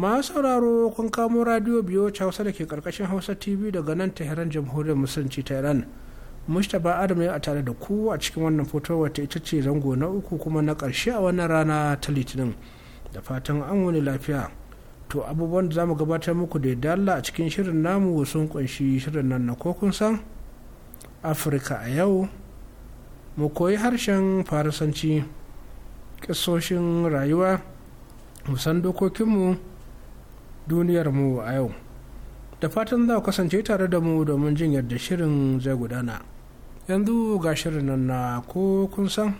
masu sauraro kun kamo radio biyo hausa da ke karkashin hausa tv daga nan tehran jamhuriyar musulunci ta iran mustapha adam ya tare da ku a cikin wannan foto wata ita ce zango na uku kuma na karshe a wannan rana ta litinin da fatan an wani lafiya to abubuwan da zamu gabatar muku da dalla a cikin shirin namu sun kunshi shirin nan na kokun san afirka a yau mu koyi harshen farisanci kisoshin rayuwa musan dokokinmu duniyar mu a yau da fatan za ku kasance tare da mu domin jin yadda shirin zai gudana yanzu ga shirin nan na ko kun san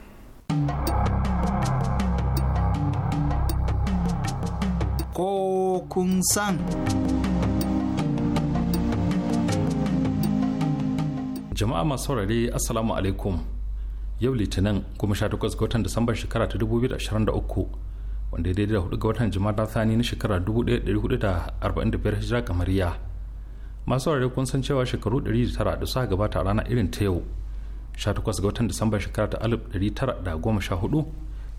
ko kun san jama'a masu saurare assalamu alaikum yau litinin 18 ga watan disambar shekara ta 2023 wanda daidai da hudu ga watan jumada thani na shekara 1445 hijira kamariya masu ware kun san cewa shekaru 109 da suka gabata a rana irin ta yau 18 ga watan disamba shekara ta 1914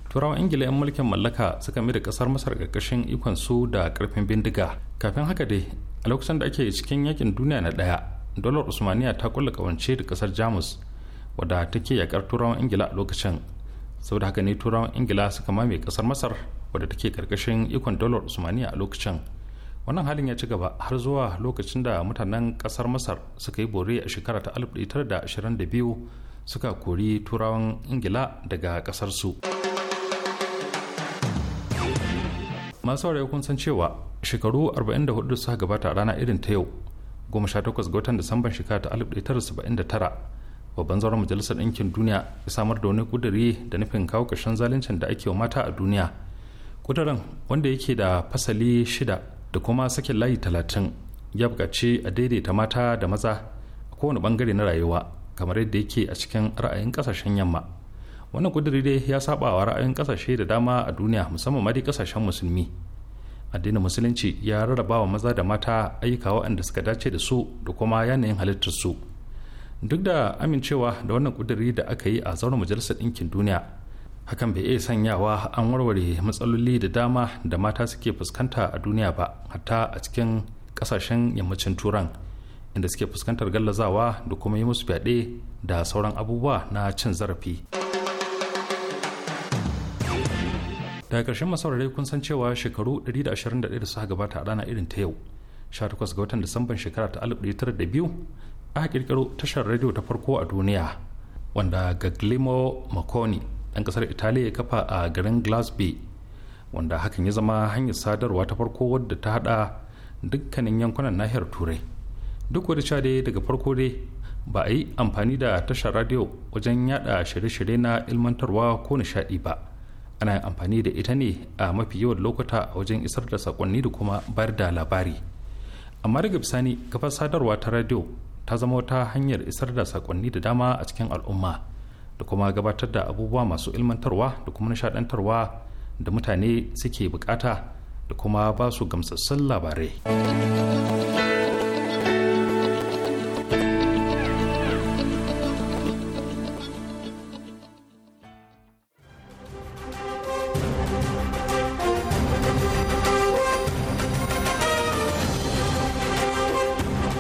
turawan ingila 'yan mulkin mallaka suka mai da kasar masar karkashin ikon su da karfin bindiga kafin haka dai a lokacin da ake cikin yakin duniya na daya dolar usmaniya ta kulla kawance da kasar jamus wadda take yakar turawan ingila a lokacin saboda haka ne turawan ingila suka mame kasar masar wadda take karkashin ikon dalar usmaniya a lokacin wannan halin ya ci gaba har zuwa lokacin da mutanen kasar masar suka yi bore a shekara ta 1922 suka kori turawan ingila daga su. masu ware kun san cewa shekaru 44 suka gabata a rana irin ta yau 18 ga watan disamban shekara ta 1979 babban zauren majalisar ɗinkin duniya ya samar da wani ƙuduri da nufin kawo ƙarshen zaluncin da ake wa mata a duniya ƙudurin wanda yake da fasali shida da kuma sakin layi talatin ya buƙaci a daidaita mata da maza a kowane ɓangare na rayuwa kamar yadda yake a cikin ra'ayin ƙasashen yamma wannan ƙuduri dai ya saba wa ra'ayin ƙasashe da dama a duniya musamman ma dai ƙasashen musulmi addinin musulunci ya rarraba wa maza da mata ayyuka waɗanda suka dace da su da kuma yanayin halittarsu su duk da amincewa da wannan kuduri da aka yi a zauren majalisar ɗinkin duniya hakan bai iya sanyawa an warware matsaloli da dama da mata suke fuskanta a duniya ba hatta a cikin ƙasashen yammacin turan inda suke fuskantar gallazawa da kuma yi musu fyaɗe da sauran abubuwa na cin zarafi daga ƙarshen masaurare kun san cewa shekaru 121 da suka gabata a rana irin ta yau 18 ga watan disamban shekara ta 1902 aka kirkiro tashar rediyo ta farko a duniya wanda gaglimo makoni ɗan ƙasar italiya ya kafa a garin Glasby wanda hakan ya zama hanyar sadarwa ta farko wadda ta hada dukkanin yankunan nahiyar turai duk wadda cha dai daga farko dai ba a yi amfani da tashar radiyo wajen yada shirye-shirye na ilmantarwa ko nishadi ba ana amfani da ita ne a mafi yawan lokuta wajen isar da sakonni da kuma bayar da labari amma daga bisani kafar sadarwa ta radiyo ta zama wata hanyar isar da sakonni da dama a cikin al'umma da kuma gabatar da abubuwa masu ilmantarwa da kuma nishadantarwa da mutane suke bukata da kuma ba su gamsassun labarai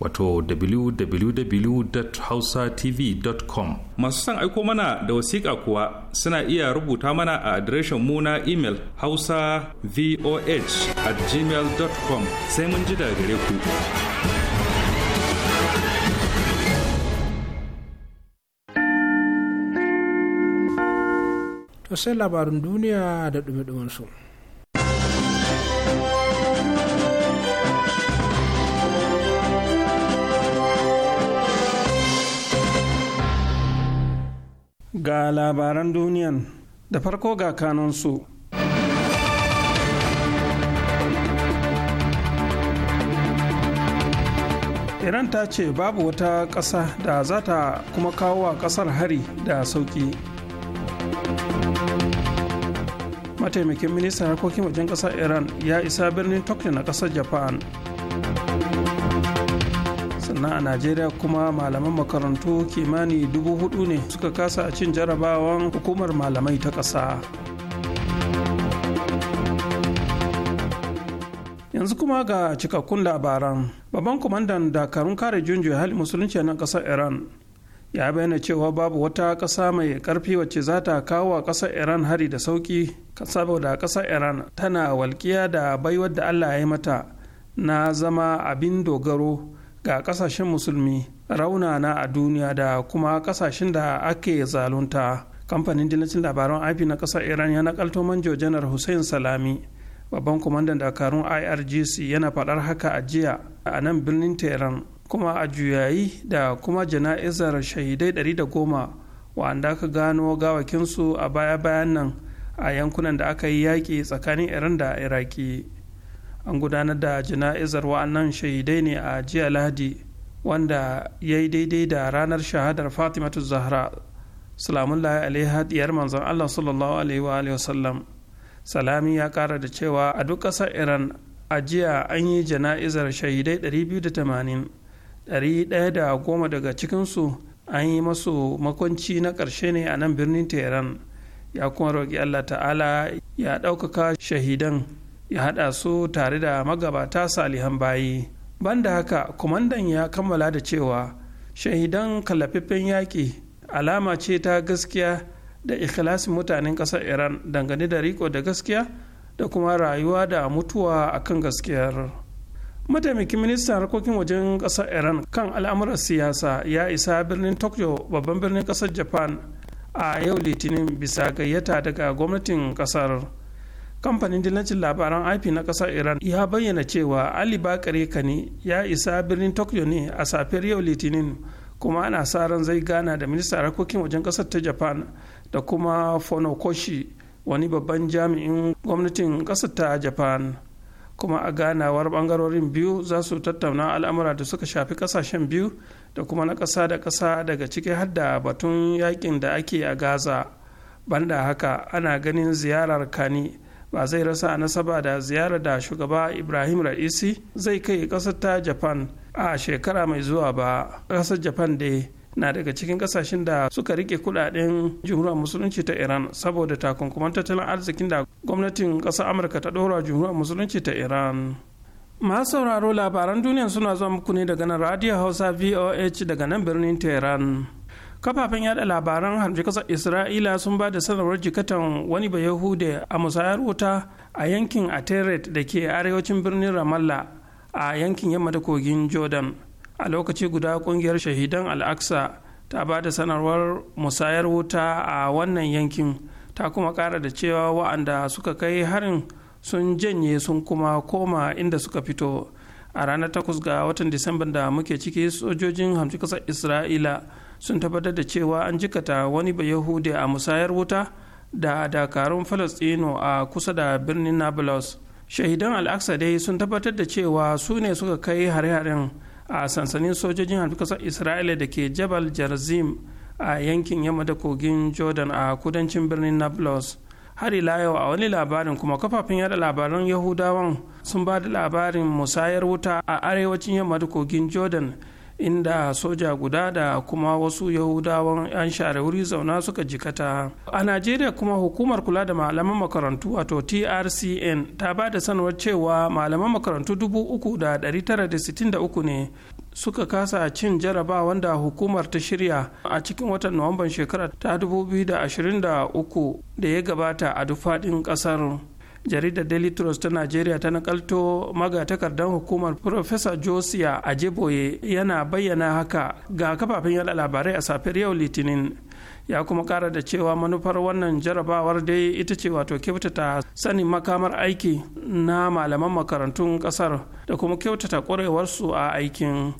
wato www.hausatv.com masu son aiko mana da wasiƙa kuwa suna iya rubuta mana a adireshin mu na imel hausa voh at gmail.com sai mun ji daga gare ku to sai labarin duniya da ɗumi su. ga labaran duniyan da farko ga kanunsu. iran ta ce babu wata ƙasa da za ta kuma kawo wa ƙasar hari da sauƙi mataimakin ministan harkokin wajen ƙasar iran ya isa birnin tokyo na ƙasar japan sannan a najeriya kuma malaman makarantu kimani dubu hudu ne suka kasa a cin jarabawan hukumar malamai ta ƙasa yanzu kuma ga cikakkun labaran babban kwamandan dakarun kare junjo hali musulunci na ƙasar iran ya bayyana cewa babu wata ƙasa mai ƙarfi wacce za ta kawo wa ƙasar iran hari da sauƙi saboda ƙasar iran tana walƙiya da baiwar da allah ya yi mata na zama abin dogaro ga kasashen musulmi raunana a duniya da kuma kasashen da ake zalunta kamfanin dillacin labaran ip na kasar iran ya nakalto manjo janar hussein salami babban kwamandan dakarun irgc yana fadar haka a jiya a nan birnin tehran kuma a juyayi da kuma jana'izar shahidai 110 wa'anda aka gano gawakinsu a baya-bayan nan a yankunan da aka yi yaƙi tsakanin iran da iraki an gudanar da jana'izar wa'annan shahidai ne a jiya lahadi wanda ya yi daidai da ranar shahadar fatimatu zahra salamullahi alaiha diyar manzon allah sallallahu alaihi wa wasallam salami ya kara da cewa a duk ƙasar iran a jiya an yi jana'izar shahidai 280 110 daga cikinsu an yi masu makwanci na ƙarshe ne a nan birnin teheran ya kuma roƙi allah ta'ala ya ɗaukaka shahidan ya haɗa su tare da magabata salihan bayi banda haka kwamandan ya kammala da cewa shahidan kalafiffen yaƙi alama ce ta gaskiya da ikhlasin mutanen ƙasar iran dangane da riko da gaskiya da kuma rayuwa da mutuwa a kan gaskiyar mataimakin ministan harkokin wajen ƙasar iran kan al'amuran siyasa ya isa birnin tokyo babban birnin ƙasar japan a yau litinin bisa gayyata daga gwamnatin ƙasar kamfanin dillancin labaran ip na kasar iran ya bayyana cewa ali bakare kani ya isa birnin tokyo ne a safiyar yau litinin kuma ana sa ran zai gana da ministan harkokin wajen kasar ta japan da kuma fonokoshi wani babban jami'in gwamnatin kasar ta japan kuma a ganawar bangarorin biyu za su tattauna al'amura da suka shafi kasashen biyu da kuma na kasa da kasa daga ciki har da batun yakin da ake a gaza banda haka ana ganin ziyarar kani ba zai rasa nasaba da ziyarar da shugaba ibrahim ra'isi zai kai kasar ta japan a shekara mai zuwa ba kasar japan dai na daga cikin kasashen da suka rike kudaden jumhuriyar musulunci ta iran saboda takunkuman tattalin arzikin da gwamnatin ƙasar amurka ta ɗora jumhuriyar musulunci ta iran masu sauraro labaran duniya suna zuwa muku ne daga nan radio hausa voh daga nan birnin tehran kafafen yada labaran harbi kasar isra'ila sun ba da sanarwar jikatan wani ba a musayar wuta a yankin ateret da ke arewacin birnin ramallah a yankin yamma da kogin jordan a lokaci guda kungiyar shahidan al'aksa ta ba da sanarwar musayar wuta a wannan yankin ta kuma kara da cewa wa'anda suka kai harin sun janye sun kuma koma inda suka fito a ranar takwas ga watan disamban da muke ciki sojojin hamshi kasar isra'ila sun tabbatar da cewa an jikata wani yahudi a musayar wuta da dakarun falastino a kusa da birnin nablus shahidan al'aksa dai sun tabbatar da cewa su ne suka kai hare-haren a sansanin sojojin kasar isra'ila da ke jabal jarzim a yankin yamma da kogin jordan a kudancin birnin nablus har ila yau a wani labarin kuma kafafen yada labaran yahudawan sun ba da labarin musayar wuta a arewacin yamma da kogin jordan inda soja guda da kuma wasu yahudawan 'yan share wuri zauna suka jikata a najeriya kuma hukumar kula da malaman makarantu wato trcn ta ba da sanuwar cewa malaman makarantu 3,963 ne suka kasa cin jaraba wanda hukumar ta shirya a cikin watan nuwamban shekara ta 2023 da ya gabata a duk faɗin ƙasar. jaridar daily trust ta nigeria ta nakalto magatakardan hukumar profesa josia ajeboye yana bayyana haka ga kafafen yada labarai a safiyar yau litinin ya kuma kara da cewa manufar wannan jarabawar dai ita ce wato kyautata sanin makamar aiki na malaman makarantun kasar da kuma kyautata kwarewarsu a aikin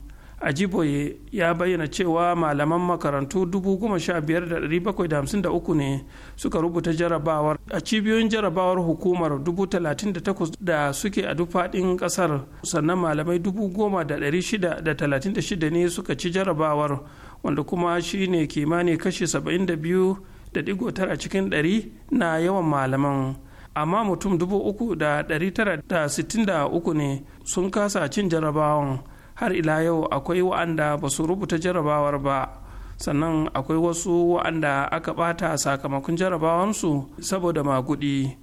ajiboye ya bayyana cewa malaman makarantu 15,753 ne suka rubuta jarabawar a cibiyoyin jarabawar hukumar 38,000 da suke a duk faɗin ƙasar sannan malamai 10,636 ne suka ci jarabawar wanda kuma shi ne kimanin kashi 72.9 a cikin 100 na yawan malaman. amma mutum 3,963 ne sun kasa cin jarabawan har ila yau akwai wa'anda ba su rubuta jarabawar ba sannan akwai wasu wa'anda aka bata sakamakon jarabawansu saboda magudi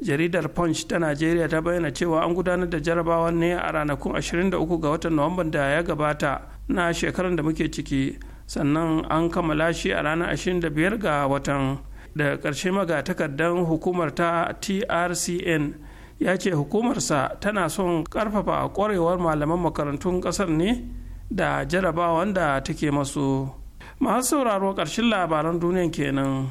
jaridar punch ta najeriya ta bayyana cewa an gudanar da jarabawan ne a ranakun 23 ga watan nuwamban da ya gabata na shekarar da muke ciki sannan an kammala shi a ranar 25 ga watan da ƙarshe magatakardan hukumar ta trcn ya ce hukumarsa tana son karfafa kwarewar malaman makarantun kasar ne da jarabawa wanda take masu masu sauraro ƙarshen labaran duniyan kenan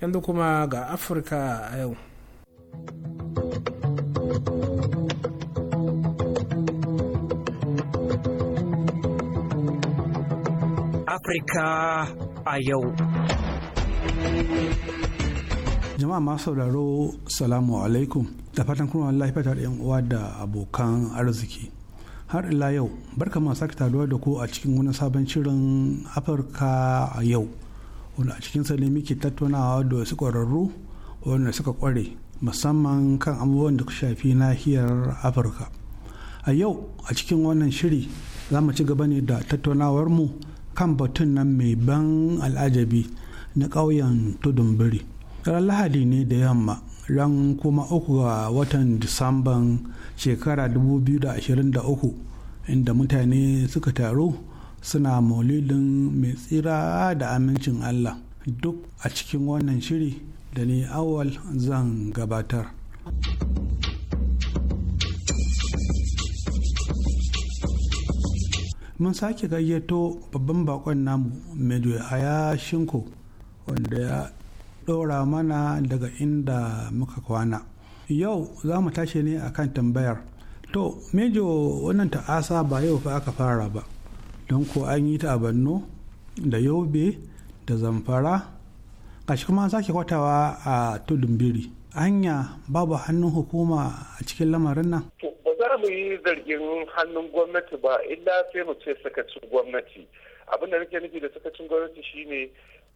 yanzu kuma ga afirka a yau Afirka a yau. Jama'a masu sauraro salamu alaikum da fatan kuma lafiya da uwa da abokan arziki. Har ila yau, barka masu sake taruwa da ku a cikin wani sabon shirin Afirka a yau. wani a cikin ne muke tattaunawa da wasu ƙwararru wanda suka ƙware musamman kan abubuwan da shafi nahiyar Afirka. A yau a cikin wannan shiri za mu ci gaba ne da tattaunawar mu kan batun nan mai ban al'ajabi na ƙauyen tudun biri ran lahadi ne da yamma ran kuma uku ga watan disamban shekara 2023 inda mutane suka taru suna maulidin mai tsira da amincin allah duk a cikin wannan shiri da ni awal zan gabatar. mun sake gayyato babban bakon namu mejo haya shinko wanda ya ɗora mana daga inda muka kwana yau za mu tashi ne kan tambayar to mejo wannan ta'asa ba yau fa aka fara ba don ko an yi ta a banno da yobe da zamfara kashi kuma sake kwatawa a tudun biri hanya babu hannun hukuma a cikin lamarin nan to mu yi zargin hannun gwamnati ba illa sai mu ce sakacin gwamnati abinda nake nufi da sakacin gwamnati shine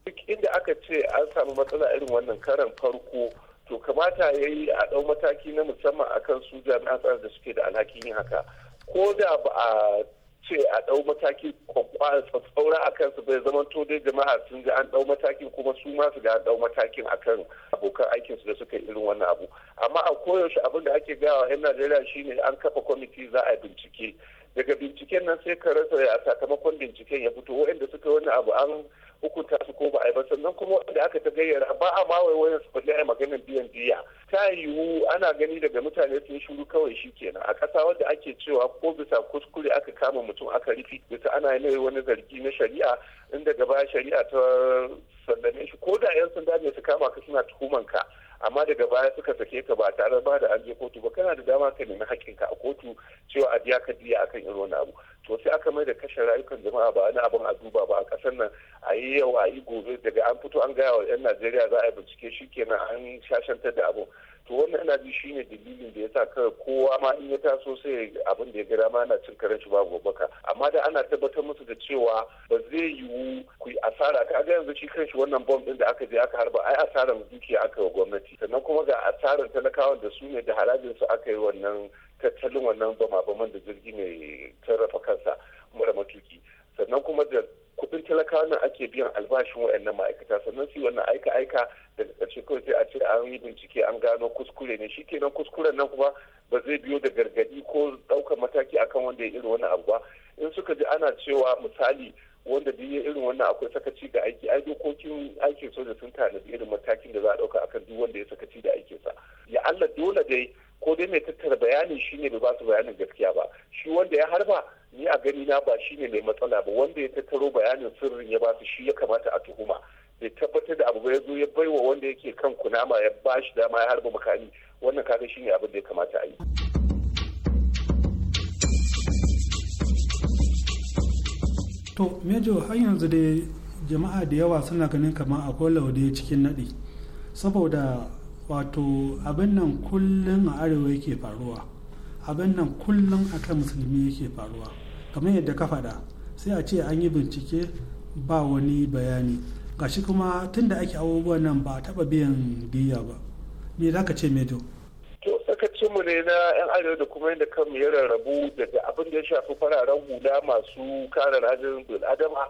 duk inda aka ce an samu matsala irin wannan karan farko to kamata ya yi a ɗau mataki na musamman akan su jami'an tsara da suke da alhakin yin haka ko da ba a ce a ɗau mataki tsaura a kansu bai zama to dai jama'a sun ji an ɗau matakin kuma su ma su ga an ɗau matakin a kan abokan aikinsu da suka yi irin wannan abu amma a koyaushe abin da ake gawa 'yan najeriya shine an kafa kwamiti za a bincike daga binciken nan sai ka rasa a sakamakon binciken ya fito waɗanda suka wani abu an hukunta su ko ba a yi ba sannan kuma wanda aka ta gayyara ba a ma waiwayen su a maganar biyan diya ta yiwu ana gani daga mutane sun shuru kawai shi kenan a ƙasa wadda ake cewa ko bisa kuskure aka kama mutum aka rufe bisa ana yi wani zargi na shari'a inda gaba shari'a ta sallame shi ko da 'yan sanda ne su kama ka suna tuhuman ka amma daga baya suka sake ka ba tare ba da an je kotu ba kana da dama ka nemi haƙƙinka a kotu cewa a biya ka diya akan irin wani abu to sai aka mai da kashe rayukan jama'a ba wani abin a duba ba a ƙasar nan a yi yau a yi gobe daga an fito an gaya wa 'yan najeriya za a yi bincike shi kenan an shashantar da abu to wannan yana ji shine dalilin da ya sa kawai kowa ma in ya taso sai abin da ya ga ma yana cin karanci shi babu babbaka amma da ana tabbatar musu da cewa ba zai yiwu ku yi asara ka ga yanzu shi kanshi wannan bom din da aka je aka harba ai asaran dukiya aka wa gwamnati sannan kuma ga asaran talakawan da su ne da harajin su aka yi wannan tattalin wannan bama-baman da jirgi mai sarrafa kansa mara matuki sannan kuma da kudin talakawa nan ake biyan albashin waɗannan ma'aikata sannan su wannan aika-aika daga ƙarshe kawai sai a ce an yi bincike an gano kuskure ne shi kenan kuskuren nan kuma ba zai biyo da gargadi ko ɗaukar mataki akan wanda ya irin wannan abu ba in suka ji ana cewa misali wanda duk ya irin wannan akwai sakaci ga aiki ai dokokin aikin soja sun tanadi irin matakin da za a ɗauka akan duk wanda ya sakaci da aikinsa ya Allah dole dai ko dai mai tattara bayanin shine bai ba su bayanin gaskiya ba shi wanda ya harba ni a gani na ba shi ne mai matsala ba wanda ya tattaro bayanin sirrin ya ba su shi ya kamata a tuhuma bai tabbatar da abu ba ya zo ya baiwa wanda yake kan kunama ya ba shi dama ya harba makami wannan kaga ne abin da ya kamata a yi to mejo har yanzu dai jama'a da yawa suna ganin kamar akwai laude cikin naɗi saboda wato abin nan kullum a arewa yake faruwa abin nan kullum a kan musulmi yake faruwa kamar yadda ka faɗa sai a ce an yi bincike ba wani bayani gashi kuma tunda ake abubuwan nan ba a taɓa biyan biya ba me za ka ce medo to mu ne na 'yan arewa da kuma yadda kanmu ya rarrabu daga abin da ya shafi fararen hula masu kare rajin adama.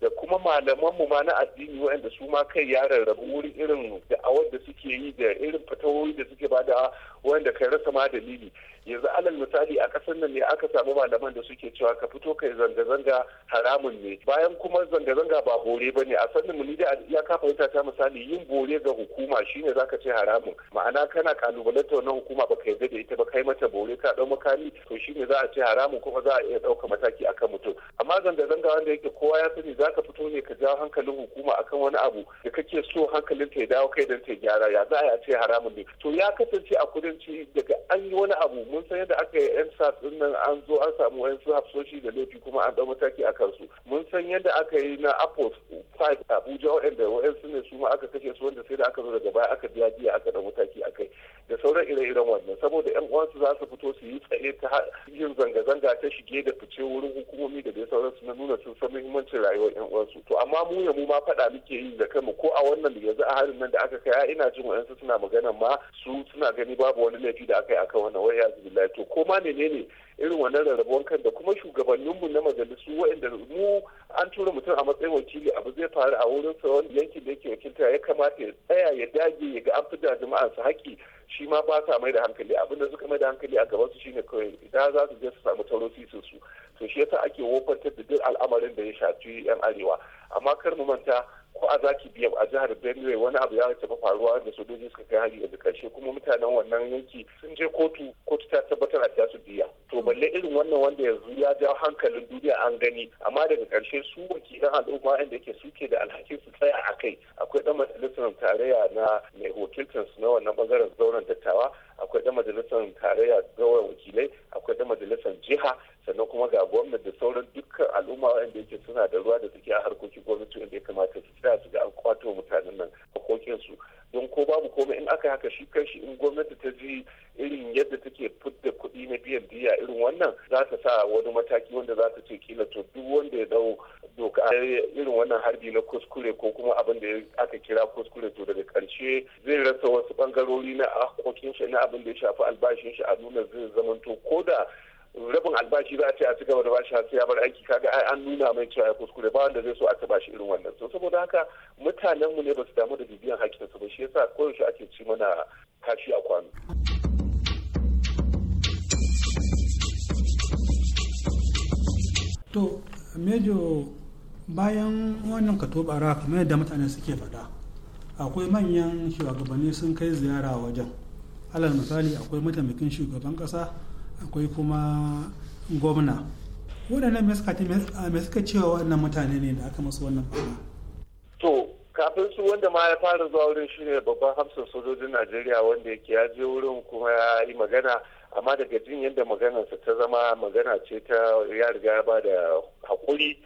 da kuma malamanmu ma na addini waɗanda su ma kai ya rarrabu wurin irin da'awar da suke yi da irin fatawoyi da suke bada wanda kai rasa ma dalili yanzu alal misali a ƙasar nan ne aka samu malaman da suke cewa ka fito kai zanga-zanga haramun ne bayan kuma zanga-zanga ba bore ba ne a sannan mu da ya kafa fahimta ta misali yin bore ga hukuma shine zaka ce haramun ma'ana kana kalubalanta wannan hukuma ba ka yarda da ita ba kai mata bore ka dau makami to shine za a ce haramun kuma za a iya ɗauka mataki akan mutum amma zanga-zanga wanda yake kowa ya sani zaka fito ne ka jawo hankalin hukuma akan wani abu da kake so hankalin ta ya dawo kai dan ta gyara ya za a ce haramun ne to ya kasance a kudin ce daga an yi wani abu mun san yadda aka yi yan sat din nan an zo an samu yan su hafsoshi da laifi kuma an ɗau mataki a kansu mun san yadda aka yi na apos 5 abuja waɗanda su ne su ma aka kashe su wanda sai da aka zo daga baya aka biya biya aka ɗau mataki a kai da sauran ire-iren wannan saboda yan uwansu za su fito su yi tsaye ta yin zanga-zanga ta shige da fice wurin hukumomi da dai sauran su na nuna sun san muhimmancin rayuwar yan uwansu to amma mu ya mu ma faɗa muke yi da kanmu ko a wannan da yanzu a harin nan da aka kai ina jin waɗansu suna magana ma su suna gani babu babu wani laifi da aka yi akan wannan wai ya billahi to ko ma menene irin wannan rarrabuwan kan da kuma shugabanninmu na majalisu waɗanda mu an tura mutum a matsayin wakili abu zai faru a wurin wani yankin da yake wakilta ya kamata ya tsaya ya dage ya ga an fi da su haƙƙi shi ma ba sa mai da hankali abinda suka mai da hankali a gaban su shine kawai idan za su je su samu taro sisin su to shi yasa ake wofantar da duk al'amarin da ya shafi yan arewa amma kar mu manta ko a zaki biya a jihar benue wani abu ya taɓa faruwa da sojoji suka kai hari a karshe kuma mutanen wannan yanki sun je kotu kotu ta tabbatar a su biya to balle irin wannan wanda yanzu ya jawo hankalin duniya an gani amma daga karshe su wakilan al'umma inda yake suke da alhakin su tsaya a kai akwai dan majalisar tarayya na mai wakiltansu na wannan bangaren zauren dattawa akwai ɗan majalisar tarayya gawar wakilai akwai ɗan majalisar jiha sannan kuma ga gwamnati da sauran dukkan al'umma wanda yake suna da ruwa da suke a harkokin gwamnati wanda ya kamata su kira su ga an kwato mutanen nan hakokin su don ko babu komai in aka haka shi shi in gwamnati ta ji irin yadda take fidda kuɗi na biyan diya irin wannan za ta sa wani mataki wanda za ta ce kila to duk wanda ya dau doka irin wannan harbi na kuskure ko kuma abin da aka kira kuskure to daga karshe zai rasa wasu bangarori na hakokin shi na abin da ya shafi albashin shi a nuna zai zamanto ko da rabin albashi za a ce a ci gaba da bashi har sai ya bar aiki kaga ai an nuna mai cewa ya kuskure ba wanda zai so a ci bashi irin wannan to saboda haka mutanen mu ne ba su damu da bibiyan hakkin su ba shi yasa koyaushe ake ci mana kashi a kwano to mejo bayan wannan katobara kamar da mutane suke faɗa akwai manyan shugabanni sun kai ziyara wajen alal misali akwai mataimakin shugaban ƙasa akwai kuma gwamna waɗannan me suka cewa waɗannan mutane ne da aka masu wannan fama to kafin su wanda ma ya fara zuwa wurin ne babban hamsin sojojin najeriya wanda yake ya je wurin kuma ya yi magana amma daga jin yadda maganarsa ta zama magana ce ta ya riga ba da haƙuri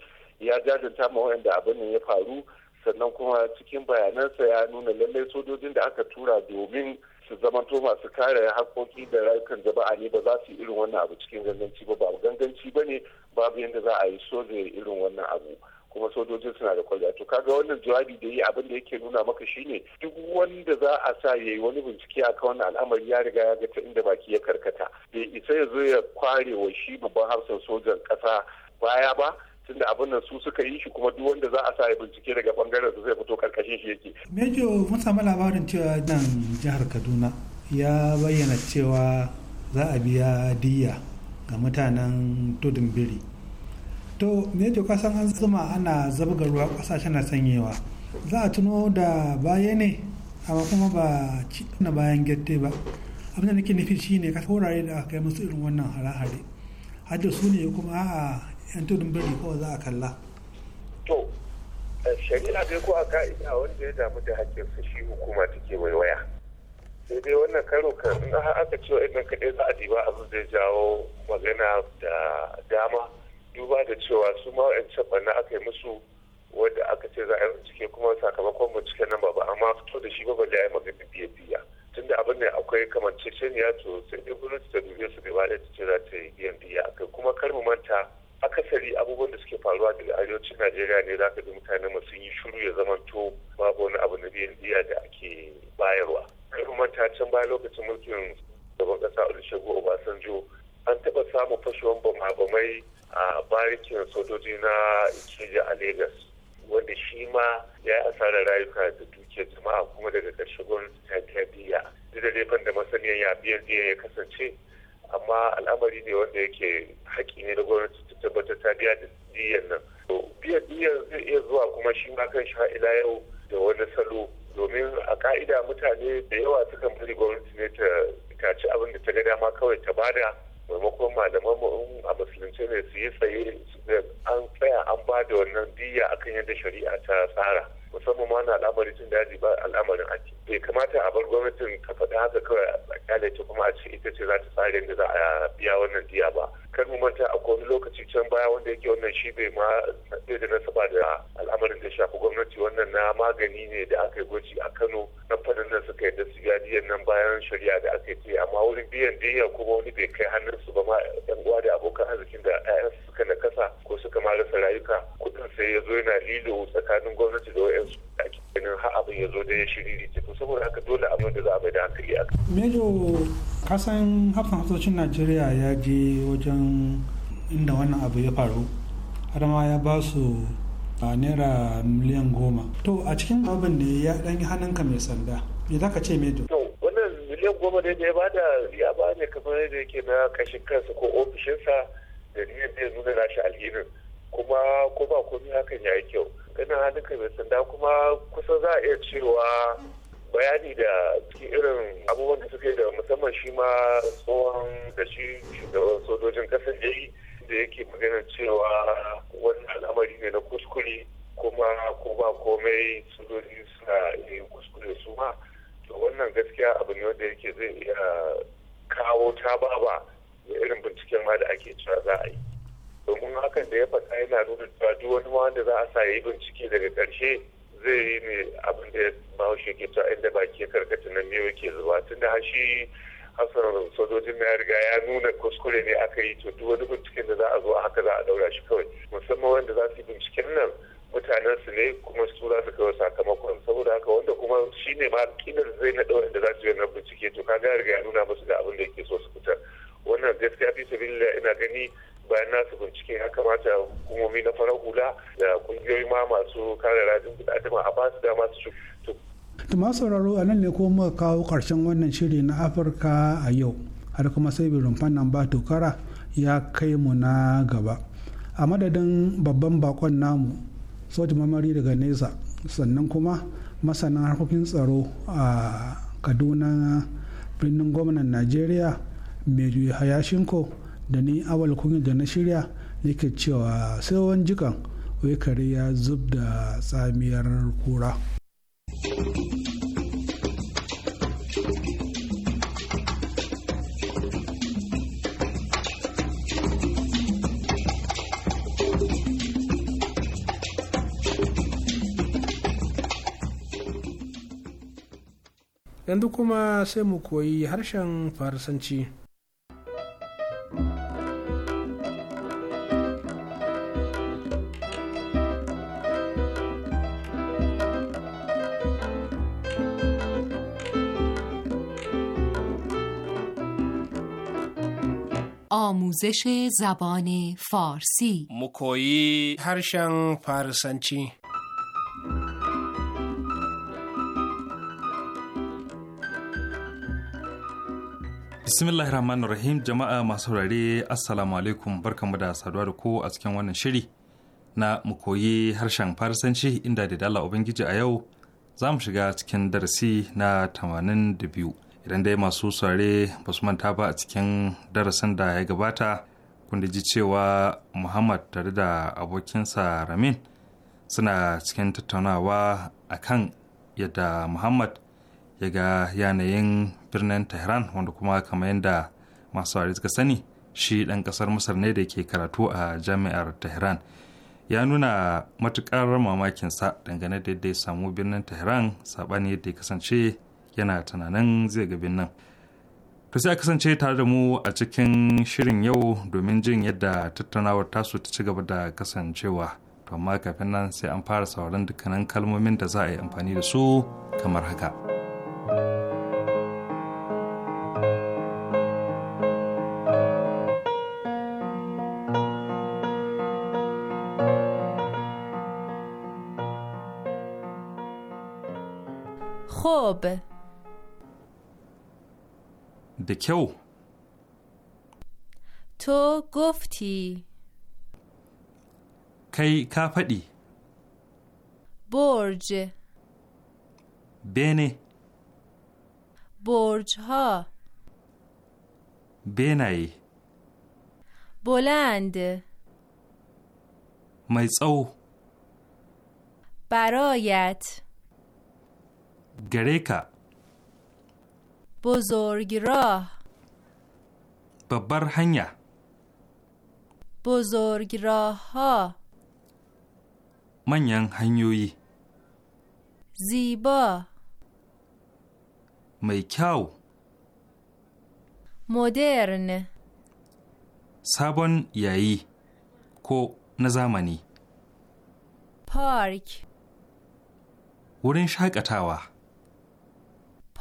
ya jajanta ma wanda abin ya faru sannan kuma cikin bayanansa ya nuna lallai sojojin da aka tura domin su zamanto masu kare haƙoƙi da rayukan jama'a ne ba za su yi irin wannan abu cikin ganganci ba babu ganganci ba ne babu yadda za a yi soja ya irin wannan abu kuma sojojin suna da kwalliya to kaga wannan jawabi da yi abin da yake nuna maka shi ne duk wanda za a sa yayi wani bincike akan wannan al'amari ya riga ya ga ta inda baki ya karkata bai isa ya zo ya kware wa shi babban hafsan sojan ƙasa baya ba tunda abin nan su suka yi shi kuma duk wanda za a sa ya bincike daga bangaren su zai fito karkashin shi yake. Mejo mun samu labarin cewa nan jihar Kaduna ya bayyana cewa za a biya diya ga mutanen tudun biri. To Mejo ka an zuma ana zabga ruwa kasashe na sanyewa. Za a tuno da baya ne amma kuma ba ci na bayan gette ba. abin da nake nufi shine ka wurare da aka yi musu irin wannan hare-hare. Hajjo su ne kuma a yan tudun biri ko za a kalla to shari'a dai ko a ka'ida wanda ya damu da haƙƙinsa shi hukuma take waiwaya sai dai wannan karo kan har aka ce wa'annan kaɗai za a diba abin zai jawo magana da dama duba da cewa su ma wa'ancan ɓanna aka yi musu wadda aka ce za a yi bincike kuma sakamakon binciken nan ba ba amma fito da shi ba da ya yi magana biya biya tunda abin ne akwai kamanceceniya to sai dai gwamnati ta lokacin najeriya ya je wajen inda wannan abu ya faru har ma ya ba su a naira miliyan goma to a cikin abin ne ya dan yi hannunka mai sanda me za ka ce me to wannan miliyan goma ne da ya bada ya ba ne kamar yadda yake na kashin kansa ko ofishinsa da ne zai nuna nashi alhinin kuma ko ba komi hakan ya yi kyau ganin hannunka mai sanda kuma kusan za a iya cewa bayani da cikin irin abubuwan da suke da musamman shi ma tsohon da shi shugaban sojojin kasar da yi da yake magana cewa wani al'amari ne na kuskure kuma ko ba komai sojoji suna yin kuskure su ma to wannan gaskiya abu ne wanda yake zai iya kawo ta baba da irin binciken ma da ake cewa za a yi domin hakan da ya faɗa yana nuna cewa duk wani ma wanda za a sa ya yi bincike daga ƙarshe zai yi ne abin da bahaushe ke ta inda baki ya karkata nan ne yake zuba tun da shi hassan sojojin na riga ya nuna kuskure ne aka yi to duk wani binciken da za a zo a haka za a daura shi kawai musamman wanda za su yi binciken nan mutanen su ne kuma su za su kawo sakamakon saboda haka wanda kuma shi ne ma kinar zai na da za su yi wannan bincike to kaga riga ya nuna musu da abin da yake so su fitar wannan gaskiya fi sabilillah ina gani bayan nasu bincike ya kamata hukumomi na farar hula da kungiyoyi ma masu kare rajin kudadima a basu dama su ma sauraro a nan ne ko kuma kawo karshen wannan shiri na Afirka a yau har kuma sai rumfan nan ba tokara ya kai mu na gaba. A madadin babban bakon namu soja mamari daga nesa sannan kuma masanin harkokin tsaro a Kaduna birnin gwamnan Najeriya mai Hayashinko. da ni awal kunya da na shirya nake cewa sai wani jikan wai kare ya zub da tsamiyar kura. yanzu kuma sai mu koyi harshen farsanci. آموزش زبان فارسی مکویی هرشن فارسنچی bismillah rahman rahim jama'a masu saurare assalamu alaikum barkamu da saduwa da ku a cikin wannan shiri na mu koyi harshen farisanci inda da dala ubangiji a yau za mu shiga cikin darasi na 82 idan dai masu saurare basu manta ba a cikin darasin da ya gabata kun ji cewa muhammad tare da abokinsa ramin suna cikin tattaunawa a kan yadda muhammad ya ga yanayin birnin tehran wanda kuma kamar yadda masu saurare suka sani shi ɗan ƙasar masar ne da ke karatu a jami'ar tehran ya nuna matuƙar mamakinsa dangane da yadda ya samu birnin tehran saɓani yadda ya kasance yana tunanin zai ga nan to sai a kasance tare da mu a cikin shirin yau domin jin yadda tattaunawar tasu ta ci gaba da kasancewa to amma kafin nan sai an fara sauran dukkanin kalmomin da za a yi amfani da su kamar haka خوب دکو تو گفتی کی کافدی برج بینه برج ها بینه بلند mai tsawo. Barayat. Gare ka. بزرگراه babbar hanya بزرگراهها manyan hanyoyi Ziba. mai kyau modern sabon yayi ko na zamani park wurin shaƙatawa.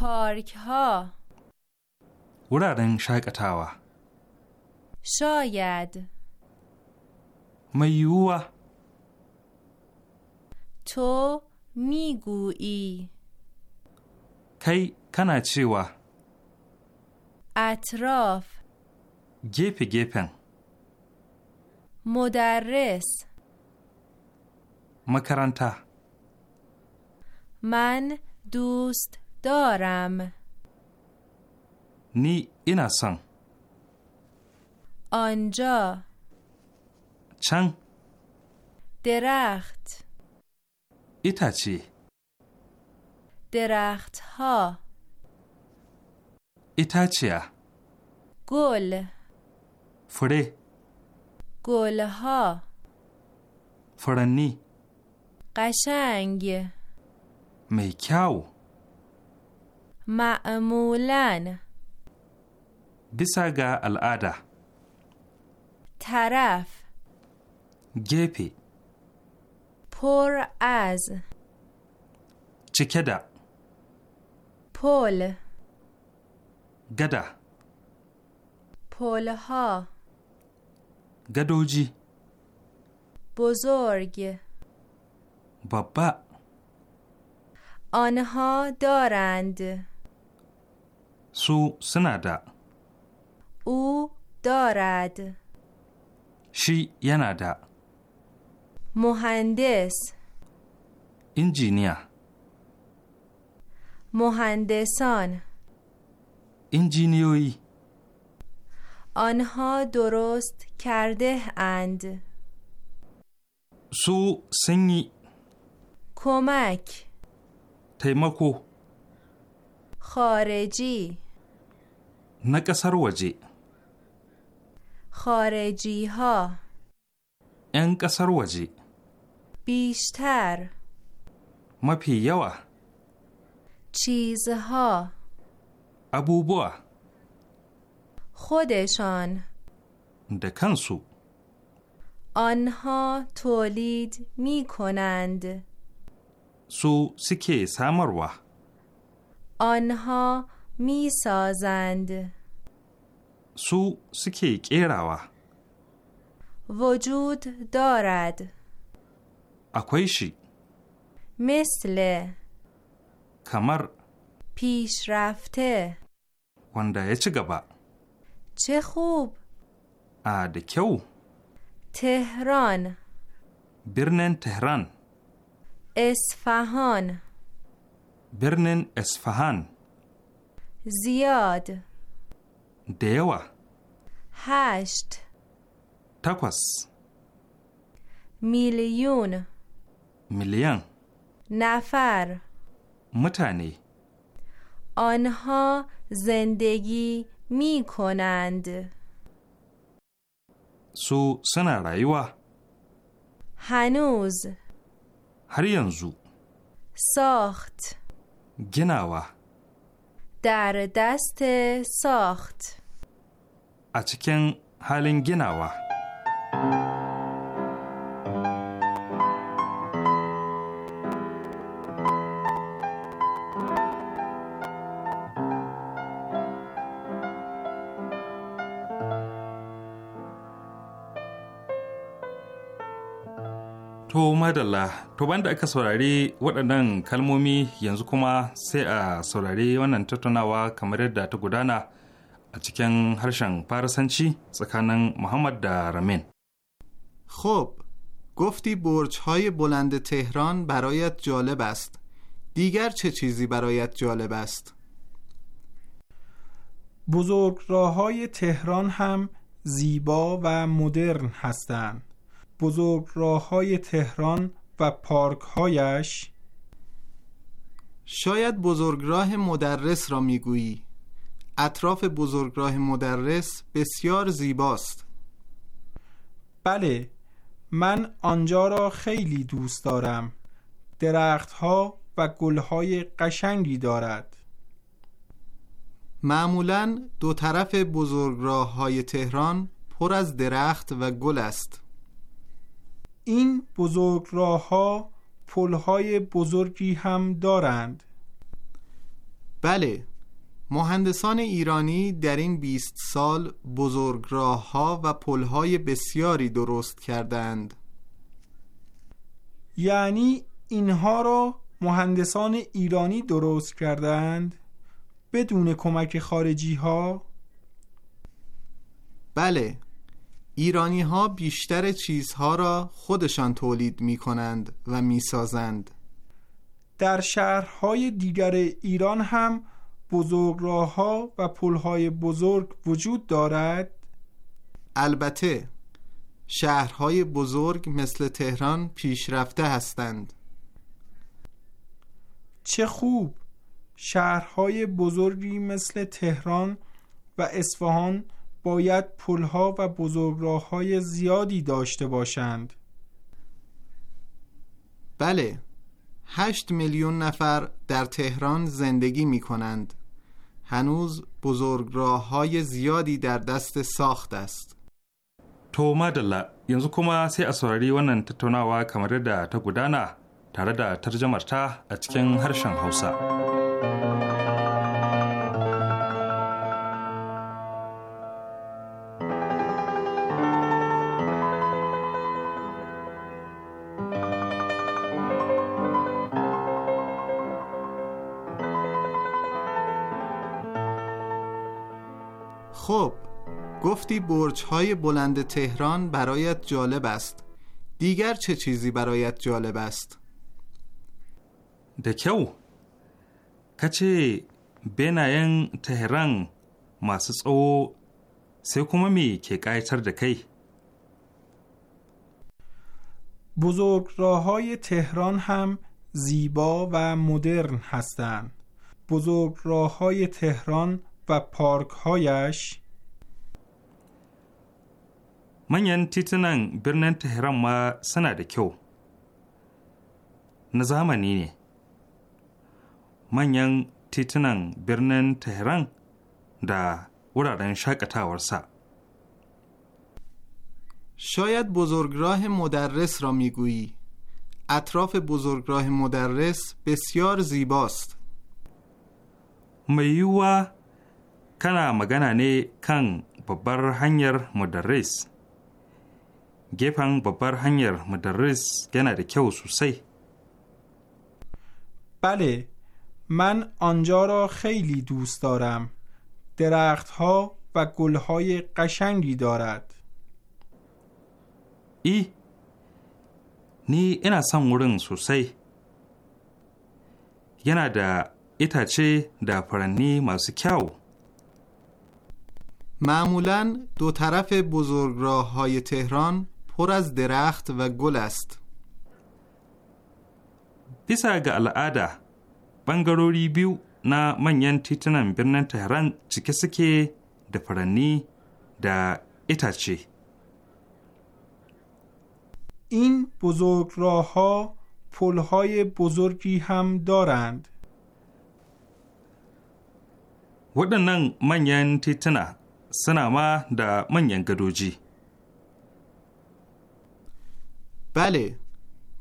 پارک ها ورارن شاکتاوا شاید میوه تو میگویی کی کنا چیوا اطراف گپ گپن مدرس مکرانتا من دوست دارم نی اینا سان آنجا چنگ درخت ایتاچی درخت ها ایتاچیا گل فره گل ها فرنی قشنگ میکاو معمولا bisa ga طرف gefe پر از چکده پول پل گدا ها گدوجی بزرگ بابا آنها دارند سو سنادا او دارد شی ینادا مهندس انجینیا مهندسان انجینیوی آنها درست کرده اند سو سنگی کمک تیمکو خارجی نه خارجی ها 'yan بیشتر ما پیوه چیزها ابوبوا خودشان دکنسو آنها تولید می کنند سو سکه سامروا آنها می سازند سو سکی کیراوا وجود دارد اکویشی مثل کمر پیش رفته ونده چی گبا چه خوب آده کیو؟ تهران برنن تهران اصفهان برنن اسفهان زیاد دیوه هشت تاکوس. میلیون میلیون نفر متنی آنها زندگی می کنند سو سنا رایوا هنوز هر ساخت گناوا در دست ساخت اچکن حالین گناوه To madalla, to banda aka saurari waɗannan kalmomi yanzu kuma sai a saurari wannan tattaunawa kamar yadda ta gudana a cikin harshen farasanci tsakanin Muhammad da Ramin. خب گفتی برج های بلند تهران برایت جالب است دیگر چه چیزی برایت جالب است؟ بزرگ راه های تهران هم زیبا و مدرن هستند بزرگ راه های تهران و پارک هایش شاید بزرگراه مدرس را میگویی اطراف بزرگراه مدرس بسیار زیباست بله من آنجا را خیلی دوست دارم درختها و گلهای قشنگی دارد معمولا دو طرف بزرگراه های تهران پر از درخت و گل است این بزرگ راه ها های بزرگی هم دارند بله مهندسان ایرانی در این 20 سال بزرگ راه ها و های بسیاری درست کردند یعنی اینها را مهندسان ایرانی درست کردند بدون کمک خارجی ها؟ بله ایرانی ها بیشتر چیزها را خودشان تولید می کنند و می سازند. در شهرهای دیگر ایران هم بزرگ و پل بزرگ وجود دارد؟ البته شهرهای بزرگ مثل تهران پیشرفته هستند چه خوب شهرهای بزرگی مثل تهران و اصفهان باید پلها و بزرگ زیادی داشته باشند بله هشت میلیون نفر در تهران زندگی می کنند هنوز بزرگ زیادی در دست ساخت است تو مدلا ینزو کما سی ونن و ننتتونا و کمری دا تگودانا تارده ترجمه تا اتکین هرشن حوصا خب گفتی برج های بلند تهران برایت جالب است دیگر چه چیزی برایت جالب است؟ دکیو کچه بناین تهران ماسس او سکوممی که قایتر دکی بزرگ راه تهران هم زیبا و مدرن هستند. بزرگ راه های تهران پارکهایش من یعنی تیتنان تهران ما سنا کهو نظام نینه من یعنی تیتنان برنان تهران دا ورادن شاک شاید بزرگراه راه مدرس را میگویی اطراف بزرگراه راه مدرس بسیار زیباست میوه کنه مگنه نی کنگ ببر هنگر مدرس. گه پنگ ببر هنگر مدرس گنه دی سو بله. من را خیلی دوست دارم. درخت ها و گل های قشنگی دارد. ای. نی این هستم ورنگ سو سیه. گنه دا ای تا معمولا دو طرف راه های تهران پر از درخت و گل است. Bisa ga al'ada, ɓangarori biyu na manyan titunan birnin Tehran cike suke da furanni da itace. این راه ها پل های بزرگی هم دارند. waɗannan manyan tituna سنامه ma da manyan بله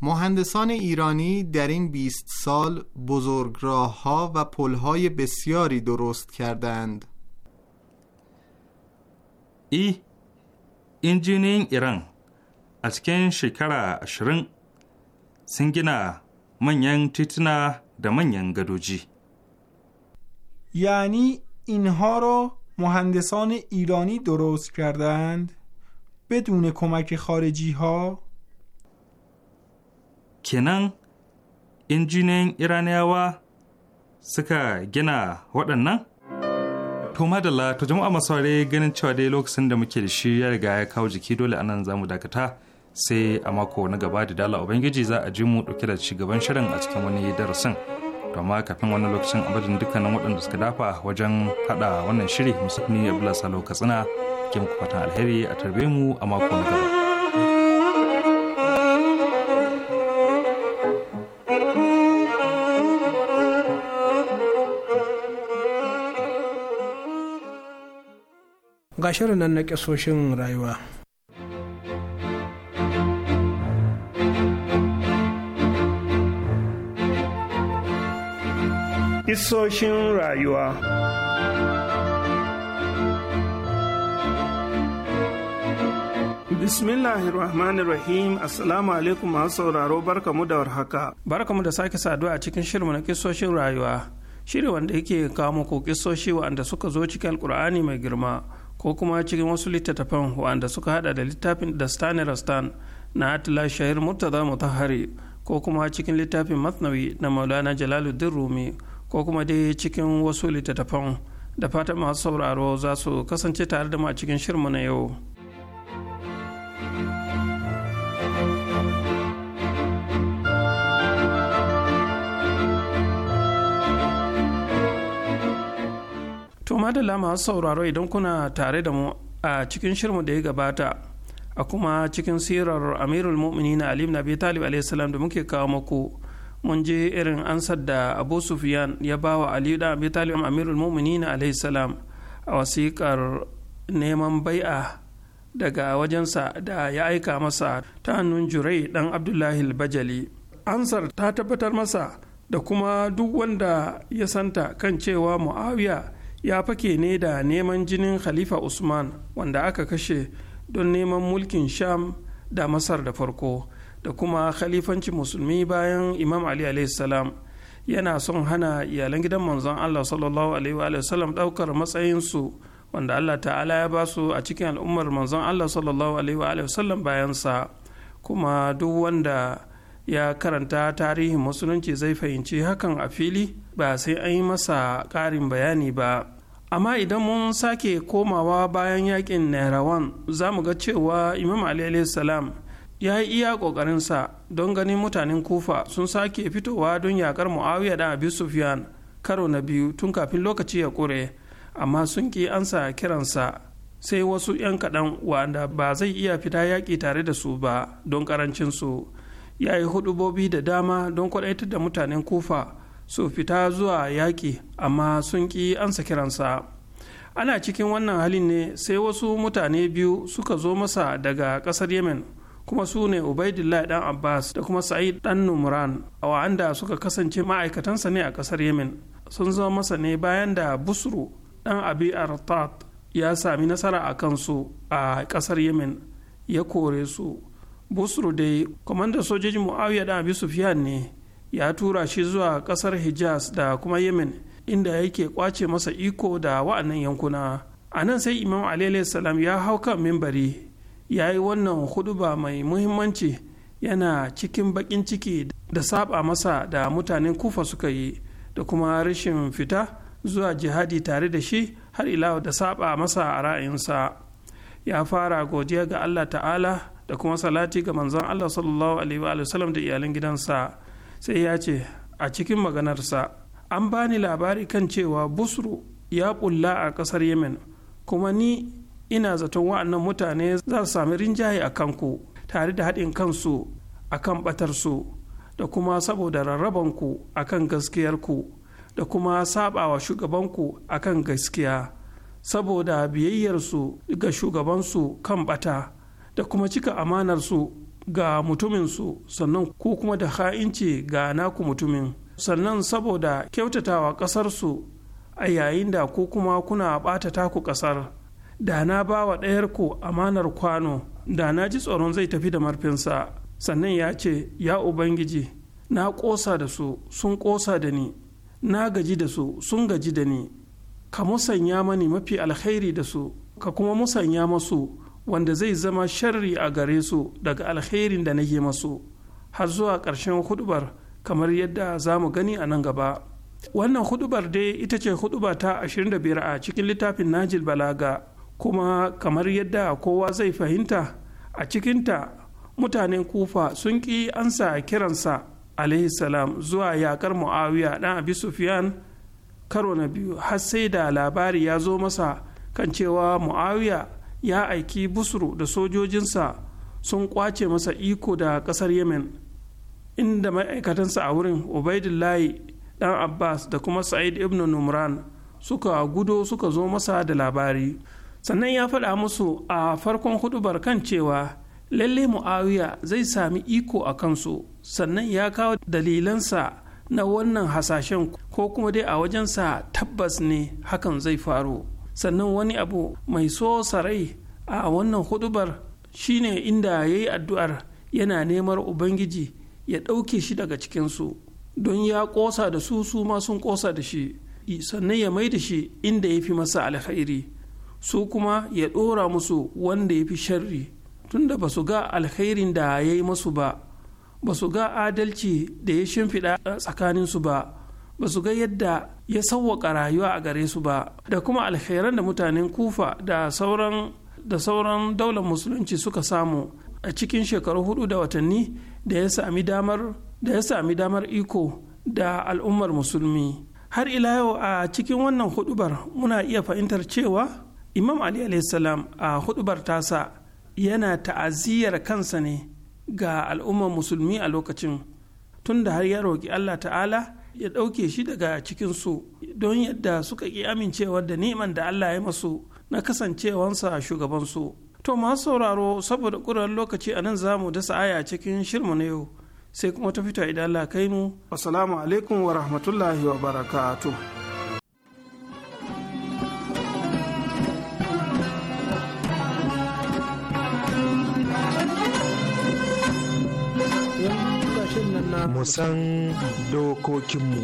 مهندسان ایرانی در این 20 سال بزرگراه ها و پل های بسیاری درست کردند ای انجینین ایران از کن شکر اشرن سنگینا منین تیتنا ده منین گدوجی یعنی اینها رو مهندسان ایرانی درست کردند بدون کمک خارجی ها کنن انجینین ایرانیاوا سکا گنا waɗannan to madalla to jama'a masaure ganin cewa dai lokacin da muke da shi ya riga ya kawo jiki dole anan zamu dakata sai a mako na gaba da dala ubangiji za a ji mu dauke da ci shirin a cikin wani darasin amma kafin wani lokacin abadin dukkanin waɗanda suka dafa wajen haɗa wannan shiri a abdullahi salo katsina ke muku fatan alheri a tarbe mu a mako na gaba ga nan na ƙasoshin rayuwa Isoshin rayuwa Bismillahir Rahmanir Rahim Assalamu alaikum masu sauraro barkamu da warhaka. Barkamu da sake saduwa a cikin shirmu na kisoshin rayuwa. Shiri wanda yake kawo muku kisoshi wa'anda suka zo cikin Alkur'ani mai girma ko kuma cikin wasu littattafan wanda suka hada da littafin da Stan na Atila Shahir Murtaza Mutahari ko kuma cikin littafin Masnawi na Maulana Jalaluddin Rumi. ko kuma dai cikin wasu littattafan da fatan masu sauraro za su kasance tare da mu a cikin shirmu na yau. To madalla masu sauraro idan kuna tare da mu a cikin shirmu da ya gabata a kuma cikin sirar amirul mu'minin Ali ibn Talib da muke kawo muku mun je irin ansar da abu sufyan ya ba wa aliyu da abi talib amirul muminin alaihi salam a wasiƙar neman bai'a daga wajensa da ya aika masa ta hannun jurai dan abdullahi bajali ansar ta tabbatar masa da kuma duk wanda ya santa kan cewa muawiya ya fake ne da neman jinin khalifa usman wanda aka kashe don neman mulkin sham da masar da farko da kuma khalifanci musulmi bayan imam ali salam yana son hana iyalan gidan manzon allah sallallahu alaihi wa sallam daukar matsayinsu wanda allah ta'ala ya ba su a cikin al'ummar manzon allah sallallahu alaihi wa sallam bayansa kuma duk wanda ya karanta tarihin musulunci zai fahimci hakan a fili ba sai an yi masa ƙarin bayani ba amma idan mun sake komawa bayan yakin nairawan za mu ga cewa imam ali salam ya yi iya ƙoƙarinsa don ganin mutanen kufa sun sake fitowa don yakar muawiya da abu sufyan karo na biyu tun kafin lokaci ya ƙure amma sun ƙi ansa kiransa sai wasu 'yan kaɗan wanda ba zai iya fita yaƙi tare da su ba don ƙarancinsu ya yi hudubobi da dama don kwaɗaitar da mutanen kufa su fita zuwa yaƙi amma sun ƙi ansa kiransa ana cikin wannan halin ne sai wasu mutane biyu suka zo masa daga ƙasar yemen kuma su ne Ubaidillah dan Abbas da kuma Sa'id dan Numran a wa'anda suka kasance ma'aikatansa ne a kasar Yemen sun zama masa ne bayan da Busru dan Abi Artat ya sami nasara a kansu a kasar Yemen ya kore su Busru dai kwamandan sojojin Muawiya dan Abi Sufyan ne ya tura shi zuwa kasar Hijaz da kuma Yemen inda yake kwace masa iko da wa'annan yankuna a nan sai imam alayhi salam ya hau kan mimbari ya yi wannan huduba mai muhimmanci yana cikin baƙin ciki da saba masa da mutanen kufa suka yi da kuma rashin fita zuwa jihadi tare da shi har ila da saba masa a ra'ayinsa ya fara godiya ga allah ta'ala da kuma salati ga manzon allah sallallahu alaihi wa sallam da iyalan gidansa sai ya ce a cikin maganarsa an bani labari kan cewa busru ya kulla a kasar yemen kuma ni ina zaton wa'annan mutane za su sami rinjaye a kanku tare da haɗin kansu a kan ɓatarsu da kuma saboda rarrabanku a kan gaskiyarku da kuma saɓawa shugabanku a kan gaskiya saboda biyayyarsu ga shugabansu kan ɓata da kuma cika amanarsu ga mutuminsu sannan ku kuma da ha'inci ga naku mutumin sannan saboda kyautatawa ƙasarsu a yayin da ku kuma kuna ɓata taku ƙasar da na ba wa ɗayarku amanar kwano da na ji tsoron zai tafi da marfinsa sannan ya ce ya ubangiji na ƙosa da su sun ƙosa da ni na gaji da su sun gaji da ni ka musanya mani mafi alkhairi da su ka kuma musanya masu wanda zai zama sharri a gare su daga alkhairin da nake masu har zuwa ƙarshen hudubar kamar yadda za mu gani a nan gaba wannan hudubar dai ita ce hudubar ta 25 a cikin littafin najil balaga kuma kamar yadda kowa zai fahimta a cikinta mutanen kufa sun ƙi ansa kiransa salam zuwa yakar muawiya ɗan abi sufyan karo na biyu har sai da labari ya zo masa kan cewa muawiya ya aiki busru da sojojinsa sun kwace masa iko da ƙasar yemen inda ma'aikatansa a wurin ubaidullahi ɗan abbas da kuma sa'id ibn numran suka gudo suka zo masa da labari sannan ya faɗa musu a farkon hudubar kan cewa lalle mu'awiya zai sami iko a kansu sannan ya kawo dalilansa na wannan hasashen ko kuma dai a wajensa tabbas ne hakan zai faru sannan wani abu mai so sarai a wannan hudubar shine inda ya yi addu'ar yana neman ubangiji ya ɗauke shi daga cikinsu don ya ƙosa da su su ma sun ƙosa da shi sannan ya mai da shi inda ya fi masa alkhairi su kuma ya ɗora musu wanda ya fi sharri tunda ba su ga alkhairin da ya yi masu ba ba su ga adalci da ya shimfiɗa tsakaninsu ba ba su ga yadda ya sauwaƙa rayuwa a gare su ba da kuma alkhairan da mutanen kufa da sauran da sauran daular musulunci suka samu a cikin shekaru hudu da watanni da ya sami damar da ya sami damar iko da al'ummar musulmi har ila yau a cikin wannan hudubar muna iya fahimtar cewa imam ali salam a hudubar tasa yana ta'aziyar kansa ne ga al'ummar musulmi a lokacin tunda har ya roƙi allah ta'ala ya ɗauke shi daga cikinsu don yadda suka ƙi amincewa da ni'man da allah ya masu na kasancewansa shugabansu to masu sauraro saboda ƙuran lokaci a nan za mu dasa aya cikin shirmu na yau sai kuma ta fito idan allah kai mu assalamu alaikum wa rahmatullahi wa barakatuh mu san dokokinmu